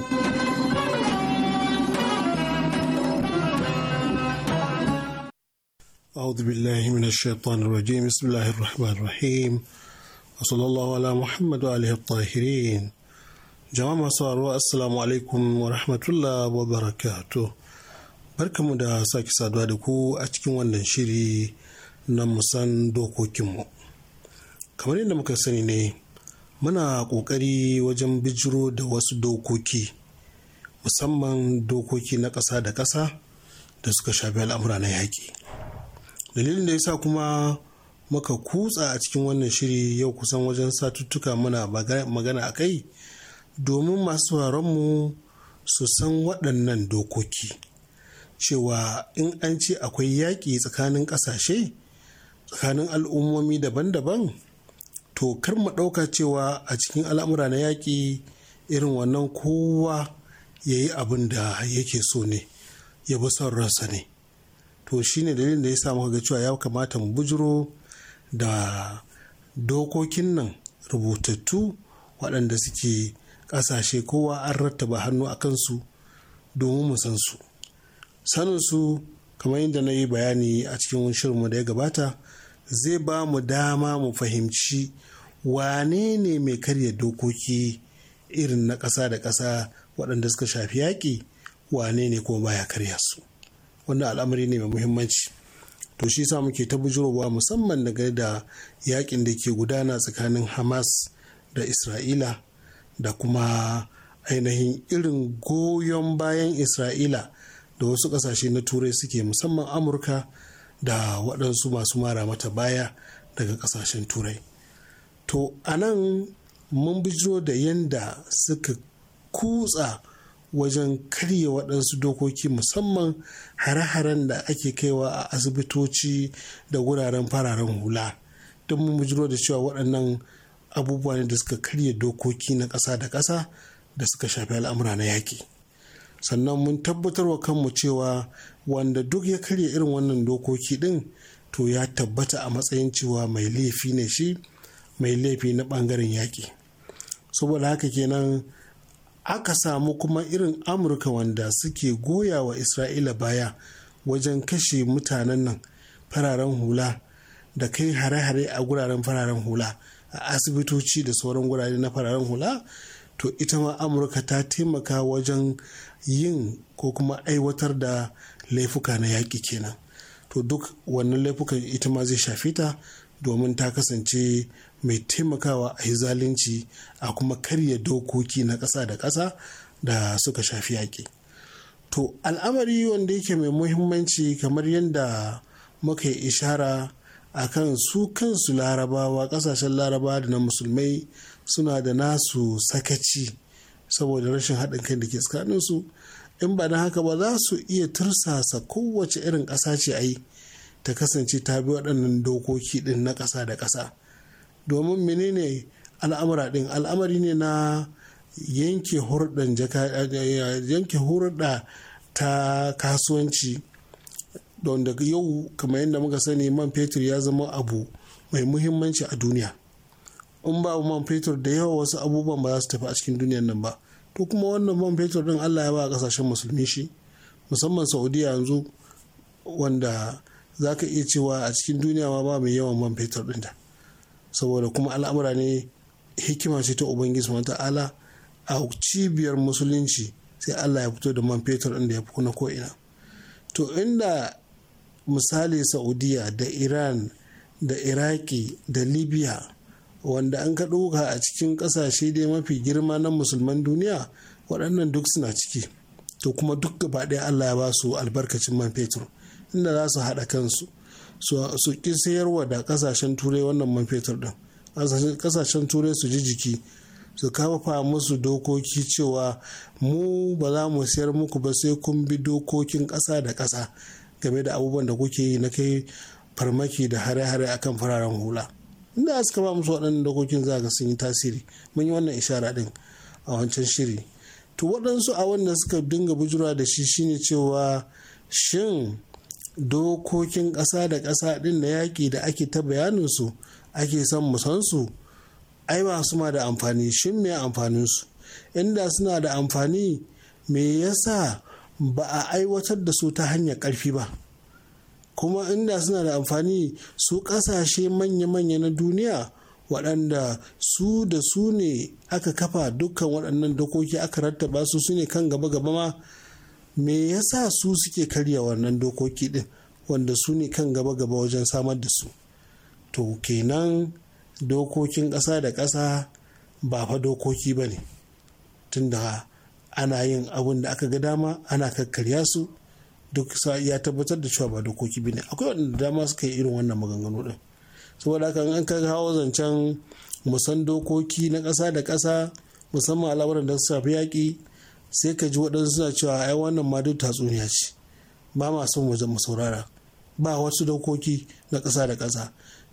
أعوذ بالله من الشيطان الرجيم بسم الله الرحمن الرحيم وصلى الله على محمد وآله الطاهرين jama'a masu sauraro assalamu alaikum wa rahmatullah wa barakatu barkamu da sake saduwa da ku a cikin wannan shiri na musan dokokinmu kamar yadda muka sani ne muna ƙoƙari wajen bijiro da wasu dokoki musamman dokoki na ƙasa da ƙasa da suka shafi al'amura na yaƙi dalilin da ya sa kuma muka kutsa a cikin wannan shiri yau kusan wajen satuttuka muna magana a kai domin masu mu su san waɗannan dokoki cewa in an ce akwai yaƙi tsakanin ƙasashe tsakanin al'ummomi daban-daban to kar mu ɗauka cewa a cikin al'amura na yaƙi irin wannan kowa ya yi abin da yake so ne ya bi son ransa ne to shi ne dalilin da ya samu ga cewa ya kamata mu bujiro da dokokin nan rubutattu waɗanda suke ƙasashe kowa an rattaba hannu a kansu domin mu san su sanin su kamar yadda na yi bayani a cikin shirinmu da ya gabata zai ba mu dama mu fahimci wane ne mai karya dokoki irin na ƙasa da ƙasa waɗanda suka shafi yaƙi wane ne kuma baya karya su wannan al'amari ne mai muhimmanci to shi sa muke ta bujurowa musamman daga da yaƙin da ke gudana tsakanin hamas da isra'ila da kuma ainihin irin goyon bayan isra'ila da wasu ƙasashe na turai suke musamman amurka da waɗansu masu mara mata baya daga ƙasashen turai to a nan mun bijiro da yadda suka kutsa wajen karya waɗansu dokoki musamman hare-haren da ake kaiwa a asibitoci da wuraren fararen hula don mun bijiro da cewa waɗannan abubuwa ne da suka karya dokoki na ƙasa da ƙasa da suka shafi al'amura na yaƙi. sannan mun tabbatar wa kanmu cewa wanda duk ya karya irin wannan dokoki din to ya tabbata a matsayin cewa mai laifi ne shi mai laifi na bangaren yaƙi saboda haka kenan aka samu kuma irin amurka wanda suke goya wa isra'ila baya wajen kashe mutanen nan fararen hula da kai hare-hare a guraren fararen hula a asibitoci da sauran gurare na fararen hula to ita ma amurka ta taimaka wajen yin ko kuma aiwatar da laifuka na yaƙi kenan to duk wannan laifukan ita ma zai shafi ta domin ta kasance mai taimakawa a yi zalunci a kuma karya dokoki na ƙasa da ƙasa da suka shafi yaƙi to al'amari wanda yake mai muhimmanci kamar yadda muka yi ishara a kan su kansu larabawa ƙasashen larabawa da na musulmai suna da nasu sakaci saboda rashin haɗin kai da ke tsakaninsu in ba na haka ba za su iya tursasa kowace irin ƙasa ce a yi ta kasance ta bi waɗannan dokoki ɗin na ƙasa da ƙasa domin menene al'amura ɗin al'amari ne na yanke hurɗa ta kasuwanci don da yau kamar yadda muka sani man fetur ya zama abu mai muhimmanci a duniya in ba man fetur da yawa wasu abubuwan ba za su tafi a cikin duniyan nan ba to kuma wannan man fetur din Allah ya ba a kasashen musulmi shi musamman saudiya yanzu wanda za ka iya cewa a cikin duniya ma ba mai yawan man fetur din da saboda kuma al'amura ne hikima ce ta ubangiji wa ta'ala a cibiyar musulunci sai Allah ya fito da man fetur din da ya fi na ina to inda misali saudiya da iran da iraki da libya wanda an ka ɗauka a cikin ƙasashe dai mafi girma na musulman duniya waɗannan duk suna ciki to kuma duk gaba ɗaya allah ya ba su albarkacin man fetur inda za su haɗa kansu su ƙi sayarwa da ƙasashen turai wannan man fetur ɗin ƙasashen turai su ji jiki su kafa musu dokoki cewa mu ba za mu sayar muku ba sai kun bi dokokin ƙasa da ƙasa game da abubuwan da kuke yi na kai farmaki da hare-hare akan fararen hula inda suka ba musu waɗannan dokokin za ga sun yi tasiri mun yi wannan ishara ɗin a wancan shiri to waɗansu a wanda suka dinga bujura da shi shine cewa shin dokokin ƙasa da ƙasa ɗin na yaƙi da ake ta bayaninsu ake son mu san su ai ba su ma da amfani shin me amfanin su inda suna da amfani me yasa ba a aiwatar da su ta hanyar ƙarfi ba kuma inda suna da amfani su kasashe manya-manya na duniya waɗanda su da su ne aka kafa dukkan waɗannan dokoki aka rattaba su su ne kan gaba-gaba ma me yasa su suke karya wannan dokoki ɗin wanda su ne kan gaba-gaba wajen samar da su to kenan dokokin ƙasa da ƙasa ba fa dokoki ba ne tunda ana yin abin da aka ga dama ana kakkarya su duk ya tabbatar da cewa ba dokoki bane akwai waɗanda dama suka yi irin wannan maganganu din saboda haka an ka hawo zancen musan dokoki na ƙasa da kasa musamman al'amuran da su shafi yaƙi sai ka ji waɗansu suna cewa ai wannan ma duk tatsuniya ce ba ma son wajen mu saurara ba wasu dokoki na kasa da kasa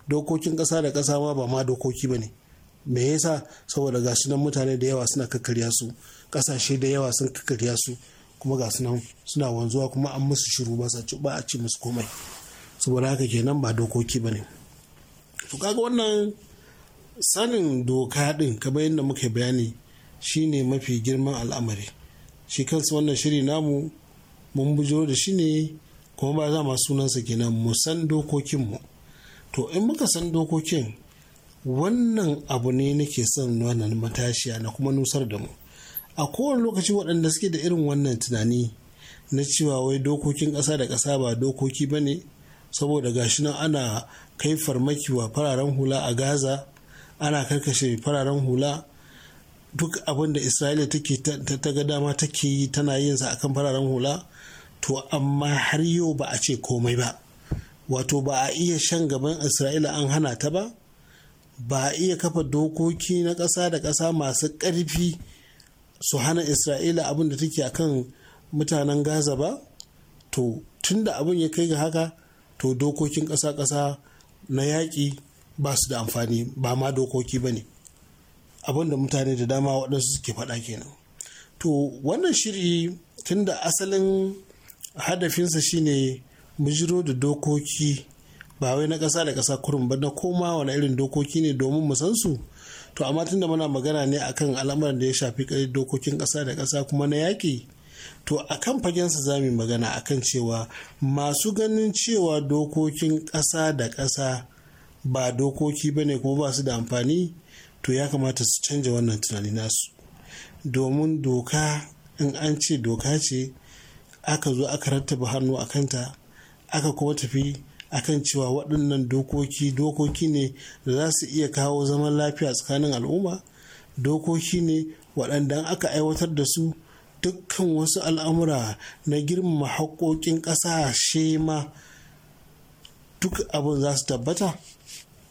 dokokin kasa da kasa ma ba ma dokoki ba ne me yasa saboda gashi nan mutane da yawa suna kakkarya su ƙasashe da yawa sun kakkarya su kuma ga sunan suna wanzuwa kuma an musu shiru ba a ci musu komai saboda haka kenan ba dokoki ba ne to kaga wannan sanin doka din kamar yadda muka bayani shi ne mafi girman al'amari shi kansu wannan shiri namu mun bujo da shi ne kuma ba za ma sunansa kenan mu san dokokinmu to in muka san dokokin wannan abu ne nake son wannan matashiya na kuma nusar da mu a kowane lokaci waɗanda suke da irin wannan tunani na cewa wai dokokin ƙasa da ƙasa ba dokoki ba ne saboda gashi nan ana kai farmaki wa fararen hula a gaza ana karkashe fararen hula duk abin da isra'ila take ta ga dama take yi tana yin sa akan fararen hula to amma har yau ba a ce komai ba wato ba a iya shan gaban isra'ila an hana ta ba ba a iya kafa dokoki na ƙasa da ƙasa masu ƙarfi su hana isra'ila abin da take akan mutanen gaza ba to tun da abin ya kai ga haka to dokokin ƙasa-ƙasa na yaƙi ba su da amfani ba ma dokoki ba ne abin da mutane da dama waɗansu suke faɗa kenan to wannan shiri tun da asalin hadafinsa shine bijiro da dokoki ba wai na ƙasa da ƙasa kurum ba na komawa na irin dokoki ne domin mu san su to amma tunda muna magana ne akan al'amuran da ya shafi dokokin ƙasa da ƙasa kuma na yaƙi to a kan fagensa za mu magana akan cewa masu ganin cewa dokokin ƙasa da ƙasa ba dokoki ba ne kuma ba su da amfani to ya kamata su canja wannan tunani nasu domin doka in an ce doka ce aka zo aka rattaba hannu a kanta aka kuma tafi akan cewa waɗannan dokoki dokoki ne da za su iya kawo zaman lafiya tsakanin al'umma dokoki ne waɗanda aka aiwatar da su dukkan wasu al'amura na girmama haƙoƙin ƙasashe ma duk abin za su tabbata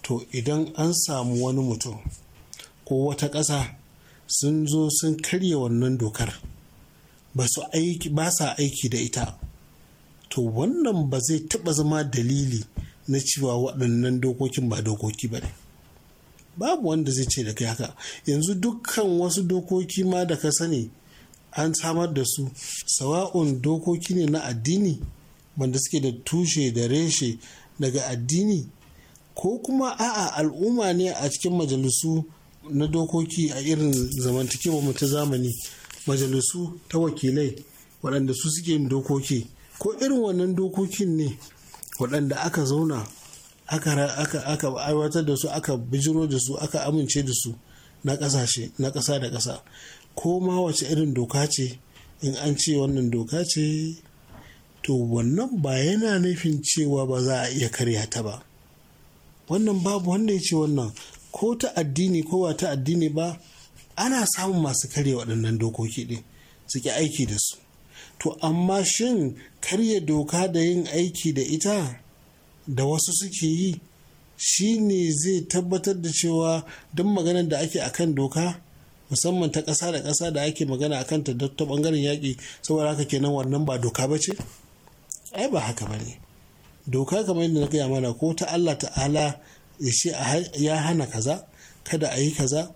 to idan an samu wani mutum ko wata ƙasa sun zo sun karya wannan dokar ba sa aiki da ita to wannan ba zai taɓa zama dalili na cewa waɗannan dokokin ba dokoki ba ne babu wanda zai ce da kai haka yanzu dukkan wasu dokoki ma da ka sani an samar da su sawa'un dokoki ne na addini wanda suke da tushe da reshe daga addini ko kuma a'a al'umma ne a cikin majalisu na dokoki a irin zamantakewa ta zamani majalisu ta wakilai waɗanda su suke yin dokoki ko irin wannan dokokin ne waɗanda aka zauna aka aiwatar da su aka bijiro da su aka amince da su na ƙasashe na ƙasa da ƙasa ko ma wace irin doka ce in an ce wannan doka ce to wannan ba yana nufin cewa ba za a iya karya ta ba wannan babu wanda ya ce wannan ko ta addini ko ba ta addini ba ana samun masu karya waɗannan dokoki ɗin su ki aiki da su to amma shin karya doka da yin aiki da ita da wasu suke yi shi ne zai tabbatar da cewa duk maganar da ake akan doka musamman ta ƙasa da ƙasa da ake magana akan ta ta ɓangaren yaƙi saboda haka kenan wannan ba doka ba ce ai ba haka ba ne doka kamar yadda na gaya mana ko ta allah ta'ala ya ya hana kaza kada a yi kaza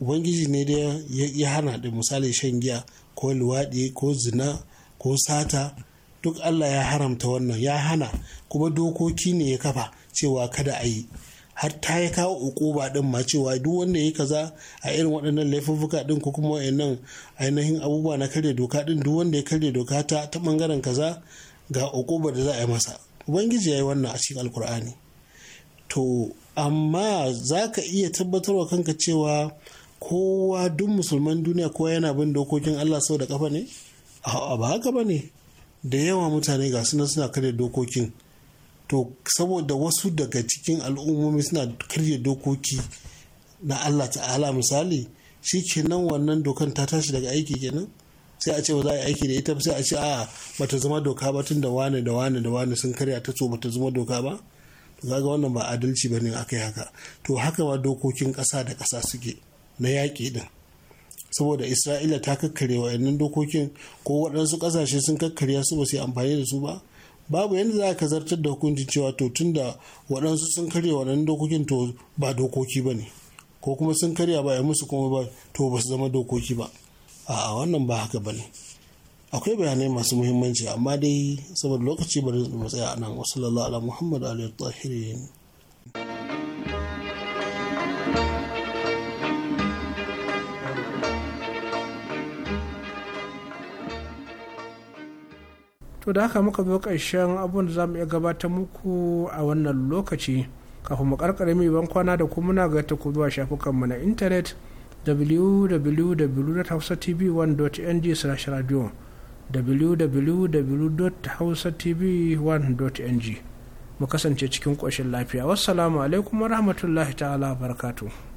ubangiji ne da ya hana da misali shan giya ko luwaɗi ko zina ko sata duk Allah ya haramta wannan ya hana kuma dokoki ne ya kafa cewa kada a yi har ta ya kawo ukuba din ma cewa duk wanda ya kaza a irin waɗannan laifuffuka din ko kuma wayannan ainihin abubuwa na karya doka din duk wanda ya karya doka ta ta bangaren kaza ga ukuba da za a yi masa ubangiji ya yi wannan a cikin alkur'ani to amma za ka iya tabbatarwa kanka cewa kowa duk musulman duniya kowa yana bin dokokin allah sau da kafa ne a'a ba haka ba ne da yawa mutane ga suna suna karya dokokin to saboda wasu daga cikin al'ummomi suna karya dokoki na allah ta'ala misali shi kenan wannan dokan ta tashi daga aiki kenan sai a ce ba za a yi aiki da ita sai a ce a bata zama doka ba tun da wane da wane da wane sun karya ta so bata zama doka ba to ga wannan ba adalci ba bane akai haka to haka ma dokokin ƙasa da ƙasa suke na yaƙi din saboda isra'ila ta kakkare wa'annan dokokin ko waɗansu ƙasashe sun kakkarya su ba su yi amfani da su ba babu yadda za ka zartar da hukuncin cewa to tun da waɗansu sun karya waɗannan dokokin to ba dokoki ba ne ko kuma sun karya ba ya musu kuma ba to ba su zama dokoki ba a wannan ba haka ba ne akwai bayanai masu muhimmanci amma dai saboda lokaci ba mu tsaya a nan wasu ala Muhammadu aliyu tahirin to da haka muka zo ƙarshen abun da za mu iya gabatar muku a wannan lokaci kafin mu karkare mai ban kwana da kuma muna gaita ku zuwa shafukanmu na intanet www.hausatv1.ng/radio www.hausatv1.ng mu kasance cikin ƙoshin lafiya wassalamu alaikum warahmatullahi ta'ala barakatuh